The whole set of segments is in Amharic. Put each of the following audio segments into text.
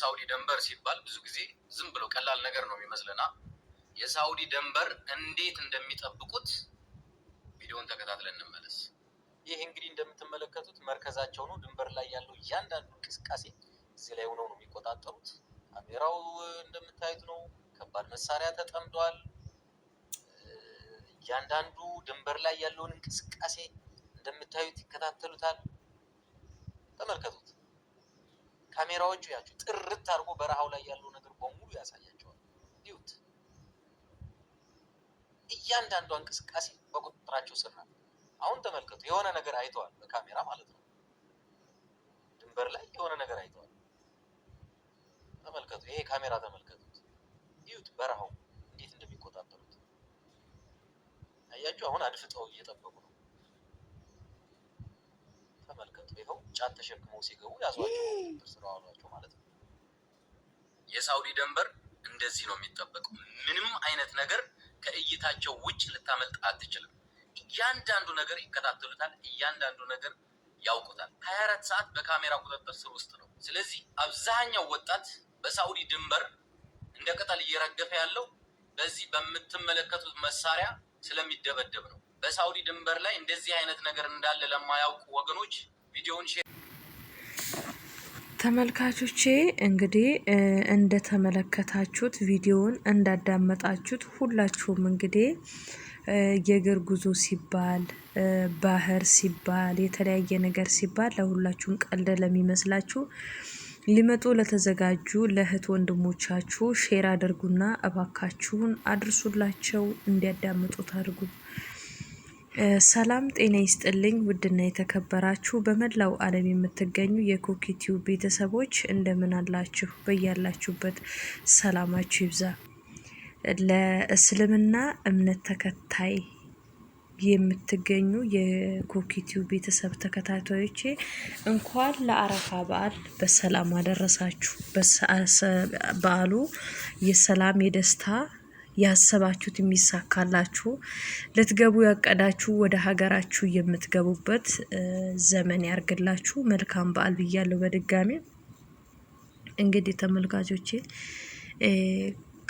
የሳውዲ ደንበር ሲባል ብዙ ጊዜ ዝም ብሎ ቀላል ነገር ነው የሚመስልና የሳውዲ ደንበር እንዴት እንደሚጠብቁት ቪዲዮን ተከታትለን እንመለስ። ይህ እንግዲህ እንደምትመለከቱት መርከዛቸው ነው። ድንበር ላይ ያለው እያንዳንዱ እንቅስቃሴ እዚህ ላይ ሆነው ነው የሚቆጣጠሩት። ካሜራው እንደምታዩት ነው። ከባድ መሳሪያ ተጠምዷል። እያንዳንዱ ድንበር ላይ ያለውን እንቅስቃሴ እንደምታዩት ይከታተሉታል። ተመልከቱት። ካሜራዎቹ ያቸው ጥርት አድርጎ በረሃው ላይ ያለው ነገር በሙሉ ያሳያቸዋል። ይዩት፣ እያንዳንዷ እንቅስቃሴ በቁጥጥራቸው ስር አሁን ተመልከቱ፣ የሆነ ነገር አይተዋል፣ በካሜራ ማለት ነው። ድንበር ላይ የሆነ ነገር አይተዋል። ተመልከቱ፣ ይሄ ካሜራ ተመልከቱት፣ ይዩት፣ በረሃው እንዴት እንደሚቆጣጠሩት አያችሁ። አሁን አድፍጠው እየጠበቁ ነው። ተመልከቱ። ይኸው ጫት ተሸክመው ሲገቡ ያዟቸው ስለዋሏቸው ማለት ነው። የሳውዲ ደንበር እንደዚህ ነው የሚጠበቀው። ምንም አይነት ነገር ከእይታቸው ውጭ ልታመልጥ አትችልም። እያንዳንዱ ነገር ይከታተሉታል። እያንዳንዱ ነገር ያውቁታል። ሀያ አራት ሰዓት በካሜራ ቁጥጥር ስር ውስጥ ነው። ስለዚህ አብዛኛው ወጣት በሳውዲ ድንበር እንደ ቅጠል እየረገፈ ያለው በዚህ በምትመለከቱት መሳሪያ ስለሚደበደብ ነው። በሳውዲ ድንበር ላይ እንደዚህ አይነት ነገር እንዳለ ለማያውቁ ወገኖች ቪዲዮውን ሼር ተመልካቾቼ እንግዲህ እንደተመለከታችሁት ቪዲዮውን እንዳዳመጣችሁት ሁላችሁም እንግዲህ የእግር ጉዞ ሲባል ባህር ሲባል የተለያየ ነገር ሲባል ለሁላችሁም ቀልደ ለሚመስላችሁ ሊመጡ ለተዘጋጁ ለእህት ወንድሞቻችሁ ሼር አድርጉና እባካችሁን አድርሱላቸው እንዲያዳምጡት አድርጉ። ሰላም ጤና ይስጥልኝ ውድና የተከበራችሁ በመላው ዓለም የምትገኙ የኮኬቲው ቤተሰቦች እንደምን አላችሁ? በያላችሁበት ሰላማችሁ ይብዛ። ለእስልምና እምነት ተከታይ የምትገኙ የኮኪቲው ቤተሰብ ተከታታዮቼ እንኳን ለአረፋ በዓል በሰላም አደረሳችሁ። በዓሉ የሰላም የደስታ ያሰባችሁት የሚሳካላችሁ ልትገቡ ያቀዳችሁ ወደ ሀገራችሁ የምትገቡበት ዘመን ያርግላችሁ። መልካም በዓል ብያለሁ። በድጋሚ እንግዲህ ተመልካቾቼ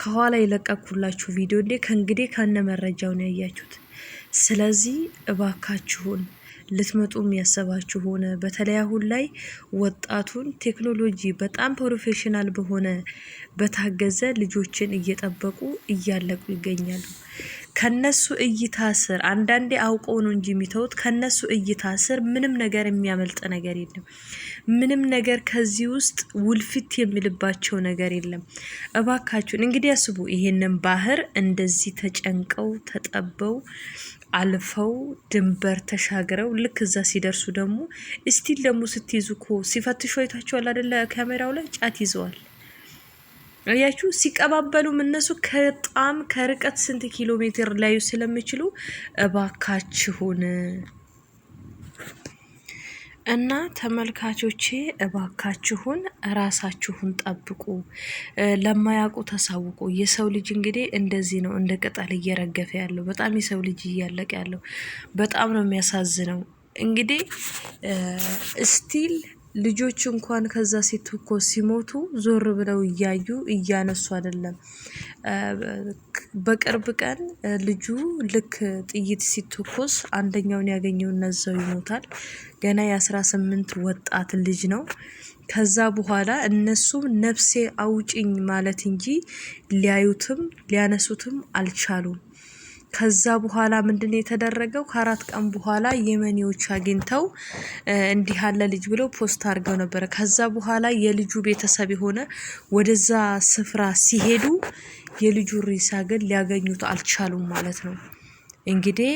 ከኋላ የለቀኩላችሁ ቪዲዮ እንዴ ከእንግዲህ ከነ መረጃው ነው ያያችሁት። ስለዚህ እባካችሁን ልትመጡም ያሰባችሁ ሆነ በተለይ አሁን ላይ ወጣቱን ቴክኖሎጂ በጣም ፕሮፌሽናል በሆነ በታገዘ ልጆችን እየጠበቁ እያለቁ ይገኛሉ። ከነሱ እይታ ስር አንዳንዴ አውቀው ነው እንጂ የሚተውት ከነሱ እይታ ስር ምንም ነገር የሚያመልጥ ነገር የለም። ምንም ነገር ከዚህ ውስጥ ውልፊት የሚልባቸው ነገር የለም። እባካችሁን እንግዲህ አስቡ፣ ይሄንን ባህር እንደዚህ ተጨንቀው ተጠበው አልፈው ድንበር ተሻግረው ልክ እዛ ሲደርሱ ደግሞ እስቲል ደግሞ ስትይዙ ኮ ሲፈትሹ አይታችኋል አደለ? ካሜራው ላይ ጫት ይዘዋል። አያችሁ ሲቀባበሉም እነሱ ከጣም ከርቀት ስንት ኪሎ ሜትር ላዩ ስለሚችሉ እባካችሁን እና ተመልካቾቼ እባካችሁን ራሳችሁን ጠብቁ። ለማያውቁ ተሳውቁ። የሰው ልጅ እንግዲህ እንደዚህ ነው፣ እንደ ቅጠል እየረገፈ ያለው በጣም የሰው ልጅ እያለቀ ያለው በጣም ነው የሚያሳዝነው። እንግዲህ ስቲል ልጆች እንኳን ከዛ ሴት እኮ ሲሞቱ ዞር ብለው እያዩ እያነሱ አይደለም። በቅርብ ቀን ልጁ ልክ ጥይት ሲተኮስ አንደኛውን ያገኘው እነዛው ይሞታል። ገና የ18 ወጣት ልጅ ነው። ከዛ በኋላ እነሱም ነፍሴ አውጭኝ ማለት እንጂ ሊያዩትም ሊያነሱትም አልቻሉም። ከዛ በኋላ ምንድን የተደረገው ከአራት ቀን በኋላ የመኔዎች አግኝተው እንዲህ ያለ ልጅ ብለው ፖስት አድርገው ነበረ። ከዛ በኋላ የልጁ ቤተሰብ የሆነ ወደዛ ስፍራ ሲሄዱ የልጁ ሬሳ ግን ሊያገኙት አልቻሉም ማለት ነው። እንግዲህ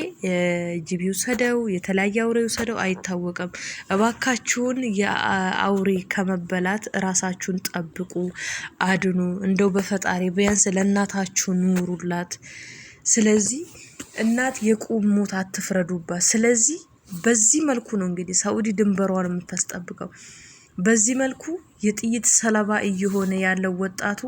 ጅብ ይውሰደው፣ የተለያየ አውሬ ይውሰደው አይታወቅም። እባካችሁን የአውሬ ከመበላት ራሳችሁን ጠብቁ፣ አድኑ። እንደው በፈጣሪ ቢያንስ ለእናታችሁ ኑሩላት። ስለዚህ እናት የቁም ሞት አትፍረዱባት። ስለዚህ በዚህ መልኩ ነው እንግዲህ ሳኡዲ ድንበሯን የምታስጠብቀው። በዚህ መልኩ የጥይት ሰለባ እየሆነ ያለው ወጣቱ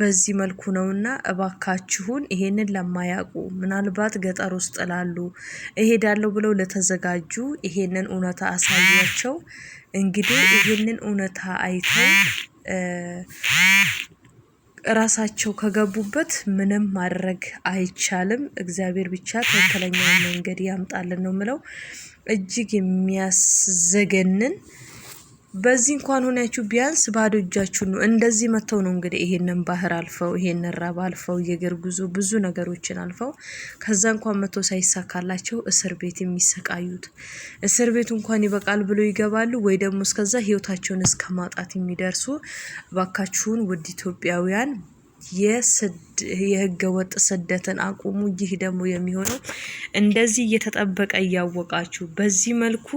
በዚህ መልኩ ነውና እባካችሁን ይሄንን ለማያውቁ ምናልባት ገጠር ውስጥ ላሉ እሄዳለሁ ብለው ለተዘጋጁ ይሄንን እውነታ አሳያቸው። እንግዲህ ይሄንን እውነታ አይተው ራሳቸው ከገቡበት ምንም ማድረግ አይቻልም። እግዚአብሔር ብቻ ትክክለኛውን መንገድ ያምጣልን ነው ምለው። እጅግ የሚያስዘገንን በዚህ እንኳን ሆናችሁ ቢያንስ ባዶ እጃችሁን ነው። እንደዚህ መጥተው ነው እንግዲህ ይሄንን ባህር አልፈው ይሄንን ረብ አልፈው የእግር ጉዞ ብዙ ነገሮችን አልፈው ከዛ እንኳን መቶ ሳይሳካላቸው እስር ቤት የሚሰቃዩት እስር ቤቱ እንኳን ይበቃል ብሎ ይገባሉ፣ ወይ ደግሞ እስከዛ ህይወታቸውን እስከ ማጣት የሚደርሱ ባካችሁን ውድ ኢትዮጵያውያን የህገ ወጥ ስደትን አቁሙ። ይህ ደግሞ የሚሆነው እንደዚህ እየተጠበቀ እያወቃችሁ በዚህ መልኩ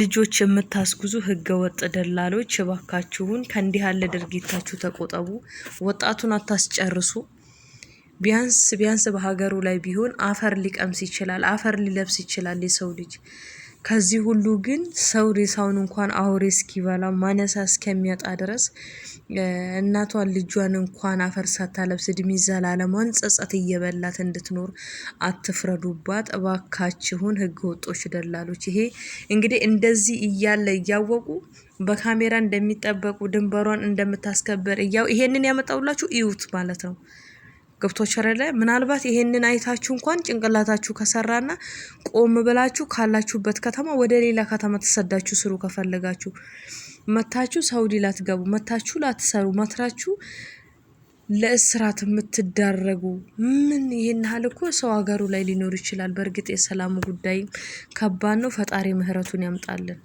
ልጆች የምታስጉዙ ህገወጥ ደላሎች እባካችሁን ከእንዲህ ያለ ድርጊታችሁ ተቆጠቡ። ወጣቱን አታስጨርሱ። ቢያንስ ቢያንስ በሀገሩ ላይ ቢሆን አፈር ሊቀምስ ይችላል፣ አፈር ሊለብስ ይችላል የሰው ልጅ ከዚህ ሁሉ ግን ሰው ሬሳውን እንኳን አውሬ እስኪበላ ማነሳ እስከሚያጣ ድረስ እናቷን ልጇን እንኳን አፈር ሳታለብስ እድሜ ዘላለሟን ጸጸት እየበላት እንድትኖር አትፍረዱባት እባካችሁን ህገ ወጦች ደላሎች። ይሄ እንግዲህ እንደዚህ እያለ እያወቁ በካሜራ እንደሚጠበቁ ድንበሯን እንደምታስከበር እያው ይሄንን ያመጣውላችሁ እዩት ማለት ነው። ገብቶች አይደለ? ምናልባት ይሄንን አይታችሁ እንኳን ጭንቅላታችሁ ከሰራና ቆም ብላችሁ ካላችሁበት ከተማ ወደ ሌላ ከተማ ተሰዳችሁ ስሩ ከፈለጋችሁ መታችሁ ሳውዲ ላትገቡ መታችሁ ላትሰሩ መትራችሁ ለእስራት የምትዳረጉ ምን ይሄን ያህል እኮ ሰው ሀገሩ ላይ ሊኖር ይችላል። በእርግጥ የሰላሙ ጉዳይ ከባድ ነው። ፈጣሪ ምሕረቱን ያምጣልን።